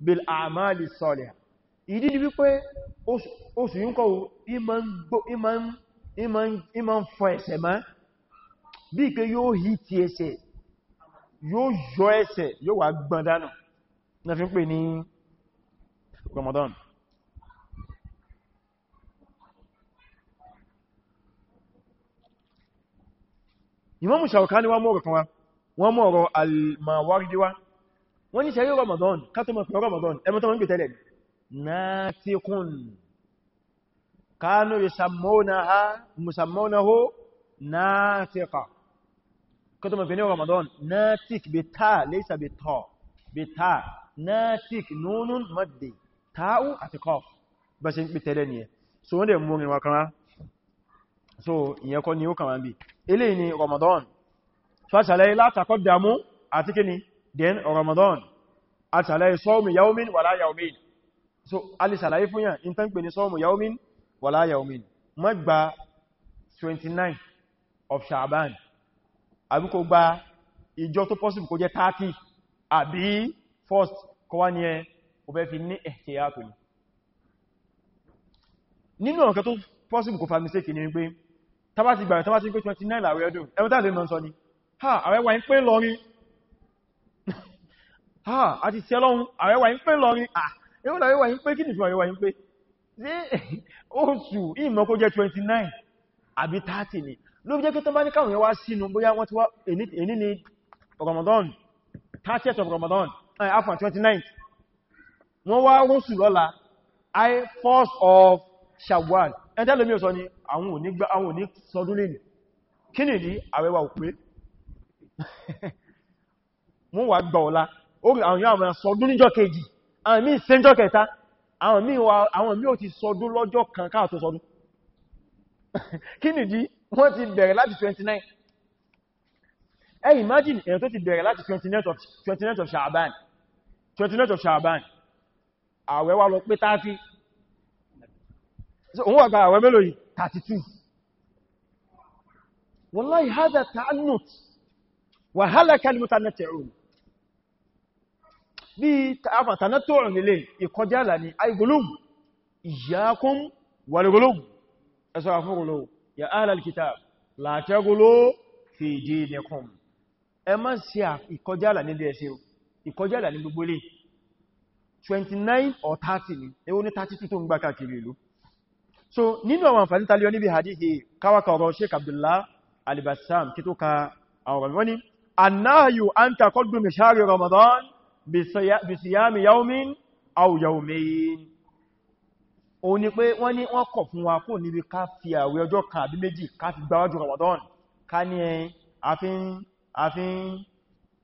bil a'mali s-salihah ìdí ni wípé oṣù yínkọ̀ ìmọ̀ ń fọ ẹ̀ṣẹ̀ má bí i pé yóò hì tí ẹ̀ṣẹ̀ yóò yọ ẹ̀ṣẹ̀ yóò wà gbọ̀ndánù na fi ń pè ní Ramadan Imam Shawkani wá mọ́ ọ̀rọ̀ wá wọ́n mọ̀ ọ̀rọ̀ almawardiwa wọ́n ní sẹ́rí ramadan kátọ́mọ̀ pẹ̀ ramadan ẹmọ́tọ́ wọ́n gbé tẹ́lẹ̀ nátíkùn kánú musammanáhó nátíkà kátọ́mọ̀ pẹ̀ ní ramadan nátík bí tá lẹ́sà bí tọ́ bí tá nátík núnún maddi táú àti kọf bá ṣe ń pẹ̀ tẹ́lẹ̀ nìyẹn so wọ́n dẹ̀ mú ṣàlàyé látàkọ́ dàmú àti kíni den Ramadan àṣàlàyé sọ́ọ̀mù yaumin wàlá yaumin so alìṣàlàyé fún yàn in tán pè ní sọ́ọ̀mù yaumin wàlá yaumin má gba 29 of Sha'ban àbí kó gba ìjọ tó possible kó jẹ́ 30 àbí first kọwa ni ẹ o bẹ́ fi ní ẹ̀kẹ́yàtò ni nínú ọ̀kan tó ni wípé tàbátì gbàrẹ̀ tàbátì pé 29 àwẹ́ ọdún ẹwọ́n tàbí mọ́ sọ ni ha àwẹ́wà ń pè lọrin ha àti sí ọlọ́run àwẹ́wà ń pè lọrin ah ẹwọ́n àwẹ́wà ń pè kí nìtù àwẹ́wà ń pè ní oṣù ìmọ̀ kó jẹ́ 29 àbí 30 ni ló jẹ́ kí tó bá ní káwọn yẹn wá sínú bóyá wọ́n ti wá èní ni Ramadan 30th of Ramadan eh, after 29 wọ́n wá rọ́sù lọ́la i first of Shawwal ẹ̀ntẹ́lẹ̀mí ọ̀sọ́ ni àwọn ò ní sọdún lè ní kí nìdí àwẹ́wà ò pé <laughs> mú wà gbọ́ ọ̀la orí àwọn yóò àwọn sọdún níjọ́ kejì àwọn míì sẹ́jọ́ kẹta àwọn míì ò ti sọdún lọ́jọ́ kan káà tó sọdún <laughs> kí nìdí wọ́n ti bẹ̀rẹ̀ láti 29 ẹ imagine èyàn tó ti bẹ̀rẹ̀ láti 29 of 29 of Sha'ban 29 of Sha'ban àwẹ̀ wá lọ pé 30 òun wà gba àwẹ̀ mélòó yìí 32 wallahi hadha ta'annut wàhálàkà ní mutanatẹ̀rùn bí tààfàtànátọ̀rùn nílé ìkọjáàlà ní aigolum ìyàkún wàlgolum ẹsọ àfúrúlò ya ahlal kitab látẹ́guló fi dinikum ẹ má sí ìkọjáàlà nílé ẹsẹ ìkọjáàlà ní gbogbo 29 or 30 ni èwo ni 32 tó ń gbá káàkiri ìlú so nínú àwọn àǹfàní taliyo níbi hadithi káwàkà ọ̀rọ̀ sheik abdullah alibassam kí tó ka àwọn ọ̀rọ̀ wọ́n annahu an taqaddum shahri ramadan bi siyami yawmin aw yawmayn ó ní pé wọ́n ní wọ́n kọ̀ fún wa kò ní bí ká fi àwẹ̀ ọjọ́ kan àbí méjì ká fi gba wájú ramadan ká ní afin afin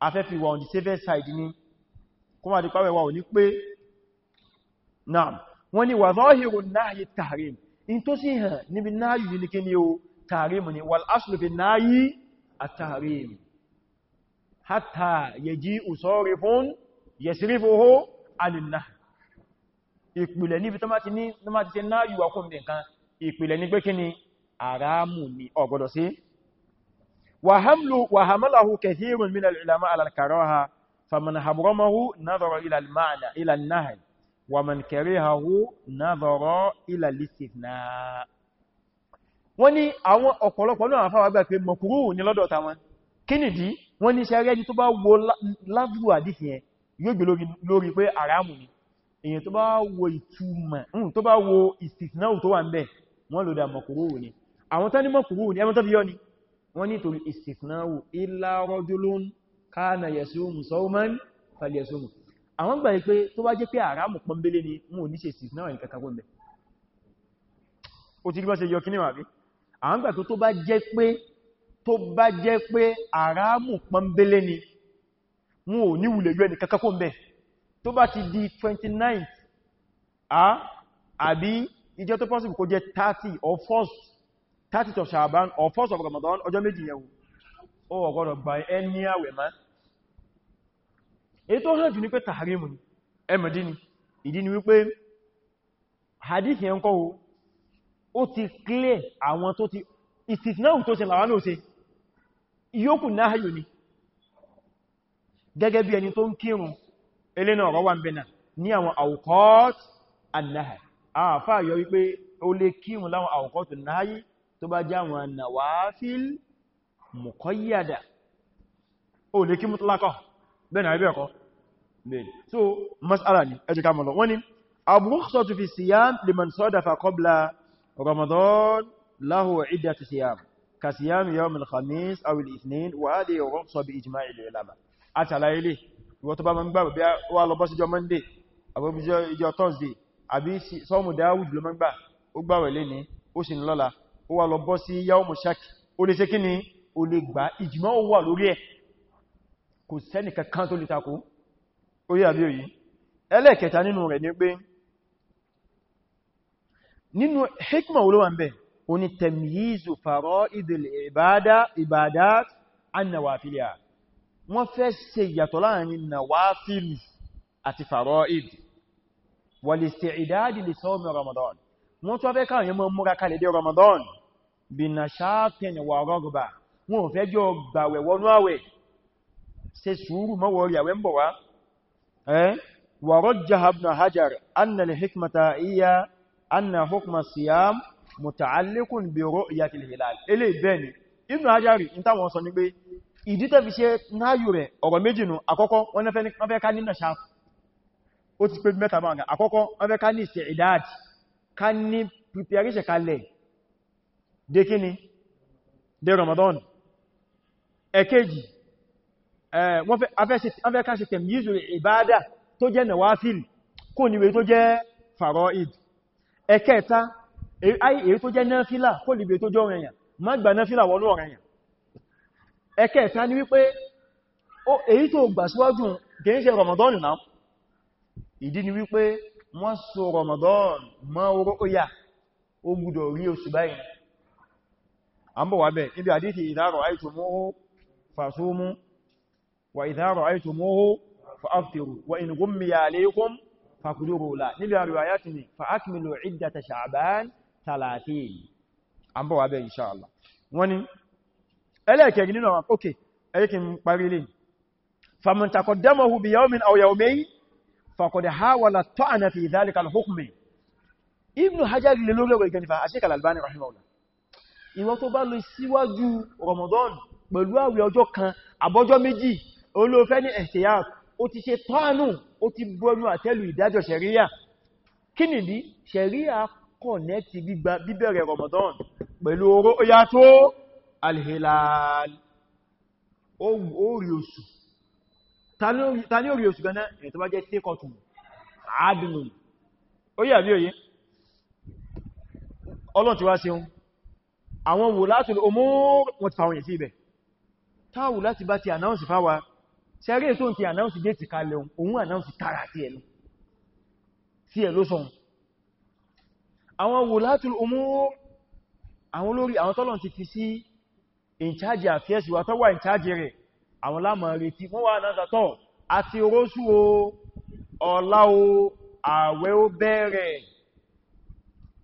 afẹ́ fi wà on the safe side ni kó má di pa wá ó ní pé naam wọ́n ní wa zahiru nahyi tahrim in tó sì hàn níbi nahyi ni kíni o tahrim ni wal aslu fi nahyi at hatta yaji'u sarifun yasrifuhu anillah ìpìlẹ̀ níbi tó máa ti ṣe náà yíwa kún bí nǹkan ìpìlẹ̀ ní pé kí ni àrámù ni ọgbọ̀dọ̀ sí wa hamalahu kathirun min al-ulama ala al-karaha faman habramahu nadhara ila al-ma'na ila an-nahy wa man karihahu nadhara ila al-istithna wọ́n ní wọ́n ní iṣẹ́ rẹ́ni tó bá wo lábúrú àdífì yẹn yóò gbé lórí pé àrámù ni èyàn tó bá wo ìtumọ̀ hmm, tó bá wo ìsìtìnáwò tó wà ń bẹ̀ wọ́n lò dá mọ̀kúrú ni àwọn tán ní mọ̀kúrú ni ẹmọ́ tó fi yọ́ ni wọ́n ní torí ìsìtìnáwò kana yasumu sawman falyasum àwọn gbà pé tó bá jẹ́ pé àrámù ni wọn ò ní ṣe ìsìtìnáwò ní kankan gbọ́n bẹ̀ ó ti rí bá tó bá jẹ́ pé àrámù pọ́nbélé ni mú ò ní wùlẹ̀ yọ́ ẹnìkankan kó ń tó bá ti di 29th a àbí ìjọ tó possible kó jẹ́ 30 or 1 30th of Shaban or 1 of Ramadan ọjọ́ méjì yẹ̀wò ó ọgọ́rọ̀ gba ẹni àwẹ̀ má èyí tó hàn jù ní pé tàharimu ni ẹmọ̀dí ni ìdí ni wípé hadith yẹn kọ́ ó ti clear àwọn tó ti ìsìsìnáwù tó ṣe làwọn náà ṣe yóòkù náhàyò ni gẹ́gẹ́ bí ẹni tó ń kírun ilé náà rọwà mẹ́nà ní àwọn àwùkọ́t annáhà àfáà yọ wípé ó lè kírun láwọn àwùkọ́t náhàyí tó bá já wọn nàwáfíl mùkọ́yàdà ó lè kí mútúlákọ̀ bẹ́ẹ̀ náà ẹbẹ́ẹ̀kọ́ so masala ni ẹjọ́ ká mọ̀ lọ wọ́n ni aburukhsatu كصيام يوم الخميس أو الاثنين وهذه الرخصة بإجماع العلماء àtàlàyé lè ìwọ tó bá máa ń gbà bí wà lọ bọ́ síjọ monday àbúrúbíjọ ìjọ thursday àbí sọ́ọ̀mù dáwùd ló máa ń gbà ó gbàwẹ̀ lé ní ó sì ní lọ́la ó wà lọ bọ́ sí yawmu shak ó tó lè takò ó bí òyí ẹlẹ́ẹ̀kẹta nínú rẹ̀ ni pé nínú hikma olówà ń oní tẹ̀míyízu fara'idil ibadat an nawafiliya wọ́n fẹ́ ṣe yàtọ̀ láàrin nawafili àti fara'id wal-isti'dad li sawmi ramadan wọ́n tó fẹ́ káwọn yẹmọ múra kalẹ̀ dé ramadan bí na ṣáàtẹ̀ni wà rọ́gbà wọ́n fẹ́ jọ gbàwẹ̀ wọnú àwẹ̀ muta'alliqun bi ru'yatil hilal ele ibeni ibn ajari nta wọ́n sọ ní pé fi ṣe nayu rẹ̀ ọ̀rọ̀ méjì nu àkọ́kọ́ wọ́n fẹ́ ti pé mẹ́ta ma àkọ́kọ́ wọ́n fẹ́ ká ní istidad de ramadan ekeji ibada ní we id èyí tó jẹ́ náfílà kó lè bè tó jọ ọ̀rẹ̀yàn má gbà náfílà wọnú ọ̀rẹ̀yàn ẹ̀kẹ́ẹ̀ta ni wípé èyí tó gbà síwájú kìí ṣe Ramadan náà ìdí ni wípé wọ́n so Ramadan mọ́ oró óyà ó gbúdọ̀ rí oṣù báyìí an bọ̀ wà bẹ̀ níbi àdíkì idha ra'aytumuhu fasumu wa idha ra'aytumuhu fa'aftiru wa 30 an bọ̀ wá bẹ́ insha Allah wọ́n ni ẹlẹ́ẹ̀kẹ́gì nínú àwọn ok ẹ̀yẹ́kì ń parí lè faman taqaddamahu bi yawmin aw yawmayn faqad hawala ta'ana fi dhalika al-hukmi Ibn Hajar lè lórí ọgbẹ̀ ìgbẹ̀nifà Sheikh al-Albani rahimahullah ìwọ tó bá lọ síwájú Ramadan pẹ̀lú àwẹ̀ ọjọ́ kan àbọ́jọ́ méjì olóòfẹ́ ní ẹ̀sẹ̀yà ó ti ṣe tọ́ànù ó ti bọ́nú àtẹ́lù ìdájọ́ ṣẹ̀ríyà kí nìdí ṣẹ̀ríyà kọ̀nẹ́tì bíbẹ̀rẹ̀ Ramadan pẹ̀lú oró ya tó alhilal orí oṣù ta ní orí oṣù gánà ẹ̀ tó bá jẹ́ tẹ́kọ̀tù adùnù ó yà bí òye ọlọ́tí wá síun àwọn wò láti omó wọn ti fàwọn yẹ̀ sí ibẹ̀ táwù láti bá ti announce fáwa ṣẹ́rẹ́ tó ń ti announce dé ti kalẹ̀ ohun announce tààrà sí ẹ̀ ló sọ̀rọ̀ àwọn wùlátùl umur àwọn olórí àwọn tọ́lọ̀ ti fi sí in charge affairs wà tọ́wà in charge rẹ̀ àwọn lámọ̀ retí wọ́n wà náà àti orósù o ọlá o àwẹ̀ ó bẹ̀rẹ̀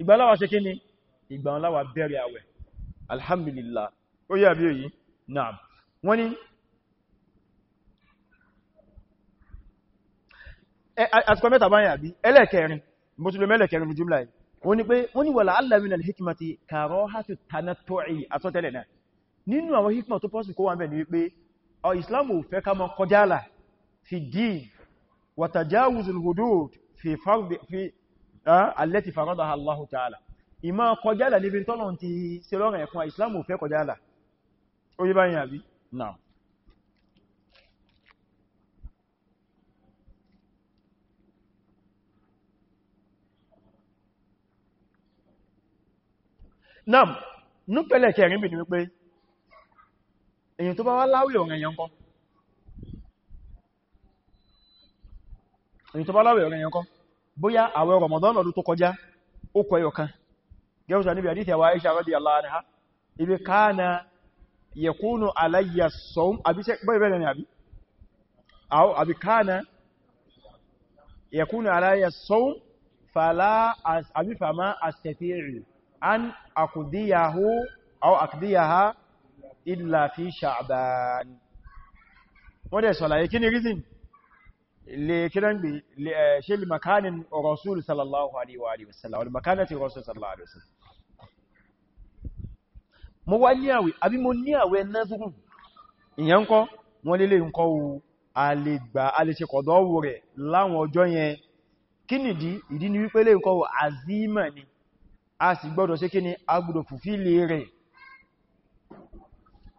ìgbàláwà ṣe kíni ìgbàláwà bẹ̀rẹ̀ alhamdulillah ó yà bí òyí náà wọ́n ni àtìkọ mẹ́ta báyìí àbí ẹlẹ́ẹ̀kẹrin mọ́túlẹ̀ mẹ́lẹ̀kẹrin wọ́n ní pé wọ́n ní wàlá alamina alhikimati kààrọ hatu tanato'i àtọ́tẹ́lẹ̀ náà nínú àwọn hikima tó pọ́sù kó wà mẹ́ ní wípé ọ islamu fẹ́ ká mọ́ kọjáàlà fi dín wàtàjáwùzul hudud fi alẹ́ti farada allahu ta'ala ìmá kọjáàlà níbi tọ́lọ̀ ti ṣe lọ́rẹ̀ fún náà ní pẹ̀lẹ̀ kẹrin bì ní wípé èyàn tó bá wá láwẹ̀ ọ̀rẹ́ èyàn kọ́ èyàn tó bá láwẹ̀ ọ̀rẹ́ èyàn bóyá àwẹ̀ Ramadan ọdún tó kọjá ó kọ ẹyọ kan gẹ́rùsà níbi àdíthẹ̀ wa Aisha radiyallahu anha kana yakunu alayya sawm àbí bóyá bẹ́ẹ̀ ni àbí àbí kana yakunu alayya sawm fàlá àbí fàmá an akudiyahu aw akudiyaha illa fi sha'ban wọ́n dẹ̀ sọ̀lá yìí kí ni reason lè kíran bí ṣe lè makanin rasul sallallahu alaihi wa sallam wal makanati rasul sallallahu alaihi wa sallam mo wá ní àwẹ̀ àbí mo ní àwẹ̀ nẹ́sùkù ìyẹn kọ́ wọ́n lè lè ń kọ́ wu a lè gbà a lè ṣe kọ̀dọ̀wò rẹ̀ láwọn ọjọ́ yẹn kí nìdí ìdí ni wípé lè ń kọ́ wu azima ni a sì gbọ́dọ̀ ṣe kí ni a gbọ́dọ̀ fùfílì rẹ̀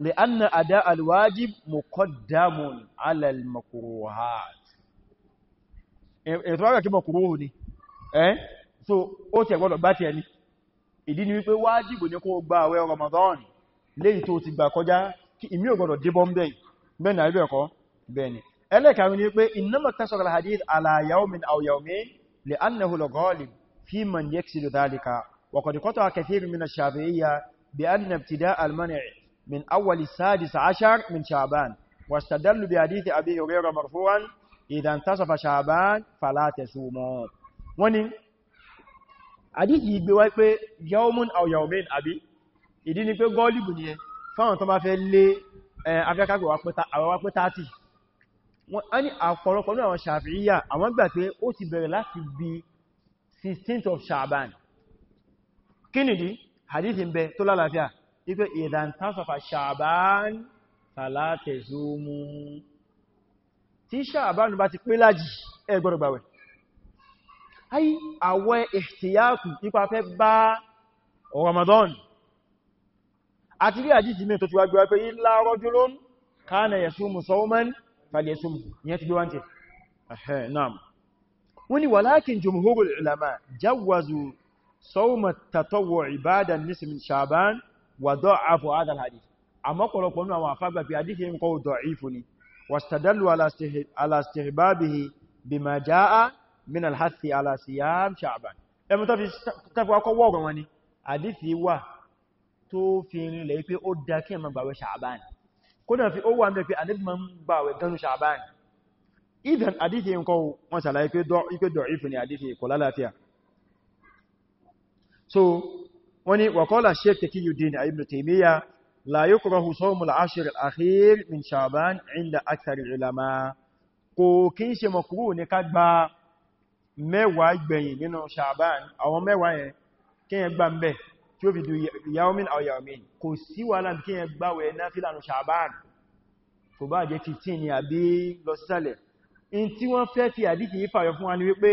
lè an na àdá alwajib muqaddamun ala al ni so ó tẹ̀ gbọ́dọ̀ bá tẹ̀ ní ìdí ni wípé wájìbù ní kó gba àwẹ̀ Ramadan léyìí tó ti gbà kọjá kí ìmí ò gbọ́dọ̀ débọ́ bẹ́ẹ̀ bẹ́ẹ̀ ni àríbẹ̀ẹ́kọ́ bẹ́ẹ̀ ni ẹlẹ́kàrin ni pé innama tasara hadith ala yawmin aw yawmin li annahu al-ghalib fi man yaksidu dhalika وقد قطع كثير من الشافعية بأن ابتداء المنع من أول السادس عشر من شعبان واستدلوا بحديث أبي هريرة مرفوعا إذا انتصف شعبان فلا تصوموا وني حديث yìí gbé wá pé yaumun aw yaumin àbí ìdí ni pé gọ́ọ̀lìbù ni ẹ fáwọn tó bá fẹ́ lé afẹ́kàgbẹ̀ àwọn pẹ́ 30 wọ́n á ní àpọ̀lọpọ̀ ní àwọn Ṣàfi'íyà àwọn gbà pé ó ti bẹ̀rẹ̀ láti bí 16th of Sha'ban kí nìdí hadithi ń bẹ tó lálàáfíà ipé ìdántásọ̀fà ṣàbán tàlátẹ̀zómú tí ṣàbán bá ti pé lájì ẹ gbọ́dọ̀ gbàwẹ̀ ayi àwẹ̀ ihtiyatu nípa fẹ́ bá Ramadan àti rí hadithi mẹ́ tó ti wájú wájú illa rajulun kana yasumu sawman falyasum ìyẹn ti bí wáńtẹ̀ wọ́n ni walakin jumhurul ulama jawazu صوم التطوع عبادة النصف من شعبان وضعف هذا الحديث أما قلوا قلنا وعفاق في حديثهم قول ضعيفني واستدلوا على استحبابه بما جاء من الحث على صيام شعبان ẹmù tàbí akọ wọ́ọ̀rọ̀ wọn ni àdífì wà tó fi rin lè pé ó dá kí ẹmà gbàwẹ̀ ṣàbáni kó náà fi ó wà mẹ́ pé àdífì ma ń gbàwẹ̀ ganu ṣàbáni even àdífì nǹkan wọn sàlàyé pé dọ̀ ìfẹ́ ni àdífì kò lálàáfíà so wọ́n ní wàkọ́lá sheik Taqiyuddin ibn Taymiyyah la yukrahu sawmu al-ashr al-akhir min Sha'ban inda akthar al-ulama kò kí ń ṣe mọ̀kúrú ní ká gba mẹ́wàá gbẹ̀yìn nínú Sha'ban àwọn mẹ́wàá yẹn kí yẹn gbà mbẹ̀ tí ó fi dù yawmin aw yawmin kò sí wàhálà kí yẹn gbàwẹ̀ náfílà nínú Sha'ban kò bá jẹ́ 15 ni àbí lọ sísàlẹ̀ in tí wọ́n fẹ́ fi àdíkì yí fún wa ní wípé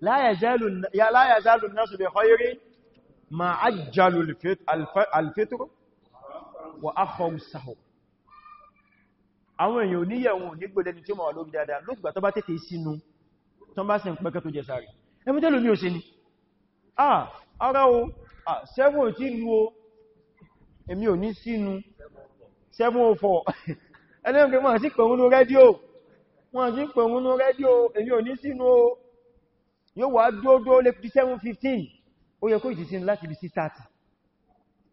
لا يزال لا يزال الناس بخير ما عجلوا الفطر واخروا السحور àwọn èèyàn oníyẹ̀wọ̀n nígbòdé ni tí ó ma wà lórí dáadáa ló gbà tó bá tètè sínú tó bá sì ń pẹ́kẹ́ tó jẹ sáré ẹmú tẹ́lù ní ò sí ni ah ara o sẹ́fún tí lú o èmi ò ní sínú 704 <laughs> ẹlẹ́gbẹ̀ẹ́ wọ́n sí pẹ̀rún ní rédíò yóò wà dódó lè fi 715 ó yẹ kó ìtìsín láti bí 630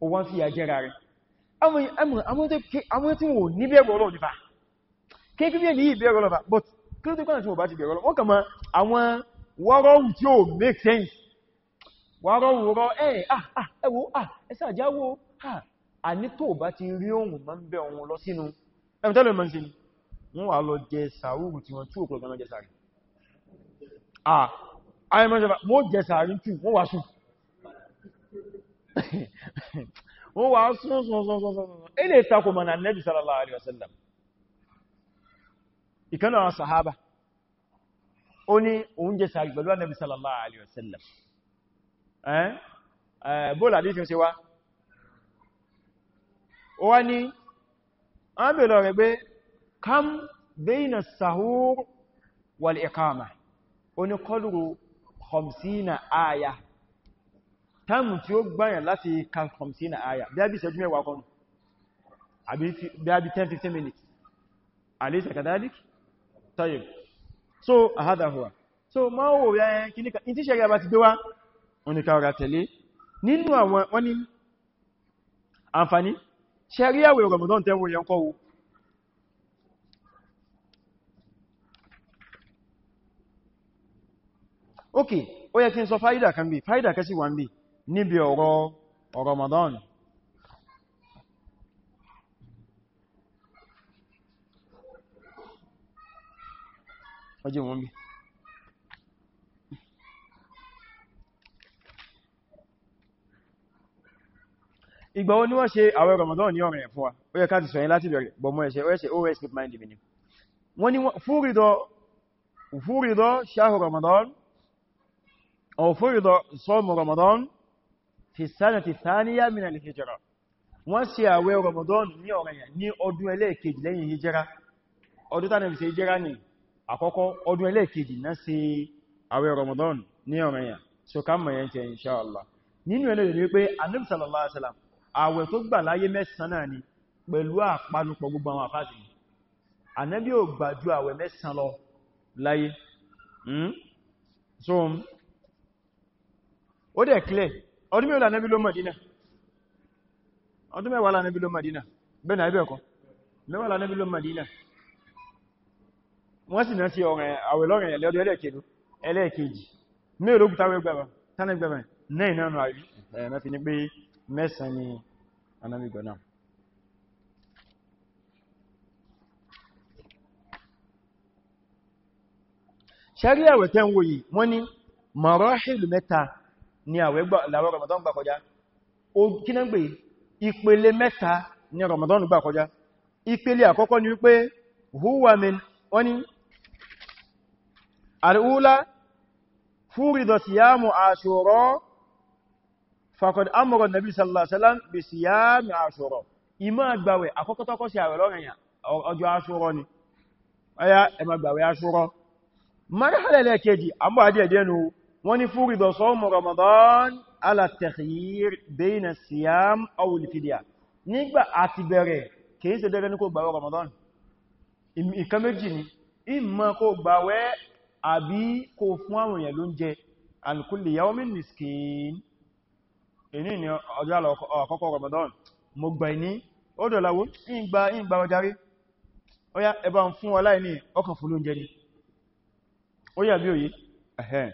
ó wá ń fi àjẹ́ra rẹ̀ àwọn tí wọ́n ní bẹ̀rọ ọlọ́ nípa kéèkì bí i bẹ̀rọ ọlọ́fà but kí ló tó kọ́nà tí wọ́n bá ti bẹ̀rọ ọlọ́ wọ́n kà mọ́ àwọn wọ́rọ̀wù tí ó make sense wọ́rọ̀wù rọ ẹ̀ ẹ̀wọ́ ẹ̀sà àjáwó à ní tó bá ti rí ohun ma ń bẹ̀ ohun lọ sínú ẹ̀mìtẹ́lẹ̀ mọ́ sí ni wọ́n wà lọ jẹ sàúrù tí wọ́n tí ò ayẹmọ́sọ́fà wọ́n jẹ sàárì tù wọ́n wà sùn <laughs> wọ́n wà sùn sùn sùn sùn sùn ilẹ̀ ìtakò mọ̀ náà nẹ́bì sallallahu alaihi wasallam ìkan náà sàhábà ó ní òun jẹ sàárì pẹ̀lú nẹ́bì sallallahu alaihi wasallam bóòlà dí ṣe wá ó ó ní kọlùrù khamsina aya táàmù tí ó gbáyàn láti ka khamsina aya bí a bí ìṣẹ́jú mẹ́wàá kan àbí bí a bí 10-15 minutes alaysa kadhalik tayyib so hadha huwa so ma wo ya kíníkà in tí ṣẹ̀rẹ̀ bá ti gbé wá oníkà ọ̀rà tẹ̀lé nínú àwọn wọ́n ni àǹfàní ṣẹ̀ríà àwẹ̀ Ramadan tẹ́wọ̀ yẹn ok ó yẹ kí n sọ fáídà kan bí fáídà kẹsí wà ń bí níbi ọ̀rọ̀ Ramadan ọjọ́ wọn bí ìgbà wo ni wọ́n ṣe àwẹ̀ Ramadan ní ọ̀rẹ̀ fún wa ó yẹ ká ti sọ̀yìn láti bẹ̀rẹ̀ bọ̀mọ̀ ẹ̀ṣẹ̀ ẹ̀ṣẹ̀ ó escape mind Ramadan أو فرض صوم رمضان في السنة الثانية من الهجرة wọ́n ṣe àwẹ̀ Ramadan ní ọ̀ranyàn ní ọdún ẹlẹ́ẹ̀kejì lẹ́yìn hijira ọdún tánà ìṣẹ́ hijira ní àkọ́kọ́ ọdún ẹlẹ́ẹ̀kejì náà ṣe àwẹ̀ Ramadan ní ọ̀ranyàn so ká mọ̀ yẹn tẹ insha Allah nínú ẹlẹ́rẹ̀ ni wípé Ànábì sallallahu alaihi wasallam àwẹ̀ tó gbà láyé mẹ́sàn-án ni pẹ̀lú àpanupọ̀ gbogbo àwọn àfáàsì Ànábì ò gbà ju àwẹ̀ mẹ́sàn lọ láyé hmm? so ó dẹ̀ clear ọdún mẹ́wàá lànẹ́bí ló Madina ọdún mẹ́wàá lànẹ́bí ló Madina bẹ́ẹ̀ náà ibẹ̀ ọkọ̀ mẹ́wàá lànẹ́bí ló Madina wọ́n sì náà sí àwẹ̀lọ́rìn ẹ̀lẹ́ọdún ẹlẹ́ẹ̀kejì ẹlẹ́ẹ̀kejì mẹ́rin lókúta wẹ́gbàbà tánàgbàbà náà ìnáànà àrí ẹ̀mẹ́ fi ní pé mẹ́sàn ni anábìgbọ̀ náà ṣẹ́rí àwẹ̀ tẹ́ ń wòye wọ́n ní marahil mẹ́ta ni àwẹ̀ láwọ́ Ramadan gbà kọjá ó kí náà gbé ìpele mẹ́ta ni Ramadan gbà kọjá ìpele àkọ́kọ́ ni wípé huwa min wọ́n ni al'ula fúrìdà siyamu ashura faqad amara nabi sallallahu alaihi wasallam bi siyami ashura ìmá gbàwẹ̀ àkọ́kọ́tọ́kọ́ sí àwẹ̀ lọ́rẹ̀yà ọjọ́ ashura ni ọya ẹmà gbàwẹ̀ ashura marhala lẹ́kẹ́jì àmọ́ àdíẹ̀dẹ́nu wọ́n ní fúrìdọ̀ sọ́mù Ramadan alatakhir bẹ́ẹ̀nà siyam awulifidya nígbà àti bẹ̀rẹ̀ kìí ṣe dẹ́rẹ́ ní kó gbàwẹ́ Ramadan ìkan méjì ni ìmọ̀ kó gbàwẹ́ àbí kó fún àwọn èèyàn ló ń jẹ an kulli miskin ẹ̀hẹ́n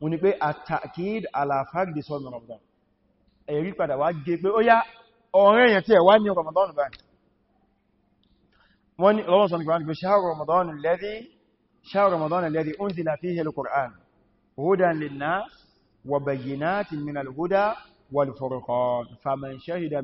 wọ́n ní pé àtàkìd àlàfàgdì sọ́nà Ramadan ẹ̀rí padà wá gé pé ó yá ọ̀rẹ́ èyàn tí ẹ̀ wá ní Ramadan báyìí wọ́n ni lọ́wọ́n sọ́nà Ramadan pé shahru Ramadan alladhi unzila fihi al-Qur'an hudan lin-nas wa bayyinatin min al-huda wal-furqan faman shahida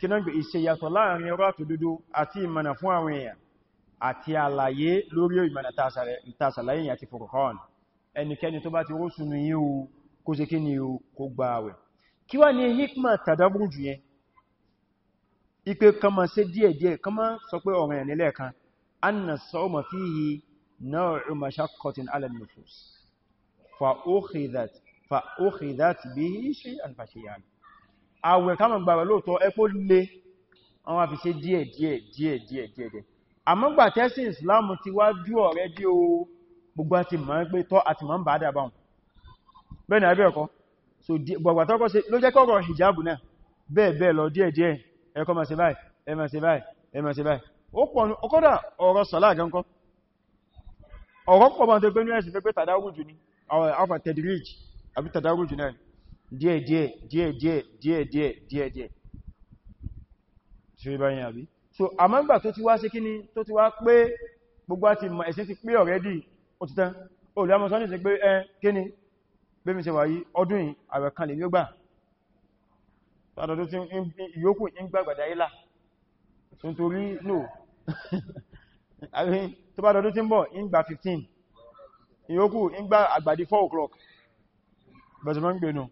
kínàgbé ìṣẹ́yàtọ̀ láàrin ọ̀rọ̀ àtòdodo àti ìmọ̀nà fún àwọn èèyàn àti àlàyé lórí ìmọ̀nà tàṣàlàyé àti fòkòkọ́n ẹnikẹ́ni tó bá ti rósù ní yíò kó ṣe kí ni o kó gba àwẹ̀ kí wá ní hikma tàdábùrù jù yẹn ipe kama ṣe díẹ̀díẹ̀ kama sọ pé ọ̀rọ̀ ẹ̀ nílẹ̀ kan anna sọ́ọ̀mà fa ó bihi shay'an fashiyan àwẹ̀ kámọ̀ gbàwẹ̀ lóòtọ́ ẹpó lè àwọn àfiṣẹ́ díẹ̀ díẹ̀ díẹ̀ díẹ̀ díẹ̀ àmọ́gbà tẹ́sí ìsìláàmù ti wá jú ọ̀rẹ́ dí o gbogbo àti mọ̀ ń pé tọ́ àti mọ̀ ń bá dàbà hùn bẹ́ẹ̀ ni so gbogbo àtọ́kọ́ sí ló jẹ́ kọ́rọ̀ hijabu náà bẹ́ẹ̀ bẹ́ẹ̀ lọ díẹ̀ díẹ̀ ẹ kọ́ máa ṣe báyìí ẹ máa ṣe báyìí ẹ máa ṣe báyìí ó pọ̀ ní ọkọ́dà ọ̀rọ̀ sàlá àgánkọ́ ọ̀rọ̀ pọ̀ bá ń tẹ́ pé ní ẹ̀sìn pé tàdárùjù ni àwọn alfa tẹ̀dìríjì àbí díẹ̀díẹ̀ díẹ̀díẹ̀ díẹ̀díẹ̀ díẹ̀díẹ̀ ṣe báyìí àbí so àmọ́gbà tó ti wá ṣe kíní tó ti wá pé gbogbo àti ẹ̀sìn already ó ti tán olùyàmọ́sán ní ti pé ẹ kíní mi ṣe wà yí ọdún kan lè yógbà tàdọ̀dọ̀ tí ìyókù ń no <laughs> tó bá dọ̀dọ̀ tí ń bọ̀ ń gbà 15 o'clock bẹ̀sẹ̀ mọ́ ń gbẹ̀nù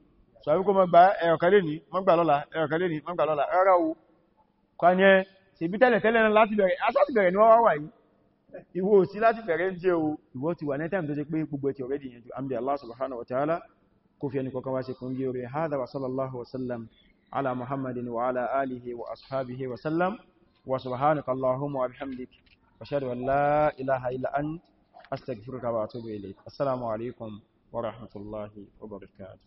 so àwọn kò mọ́ gba ẹ̀ọ̀kẹ́lẹ́ ní mọ́ gbà lọ́la ẹ̀ọ̀kẹ́lẹ́ ní mọ́ gbà lọ́la rárá o kwa ní ẹ ṣe bí tẹ́lẹ̀ tẹ́lẹ̀ náà láti bẹ̀rẹ̀ asáti bẹ̀rẹ̀ ní wọ́wọ́ wà yìí ìwọ sí láti bẹ̀rẹ̀ ń jẹ́ o ìwọ ti wà ní tẹ́m tó ṣe pé gbogbo ẹ̀tì ọ̀rẹ́dì yẹn ju amdi Allah subhanahu wa ta'ala kó fi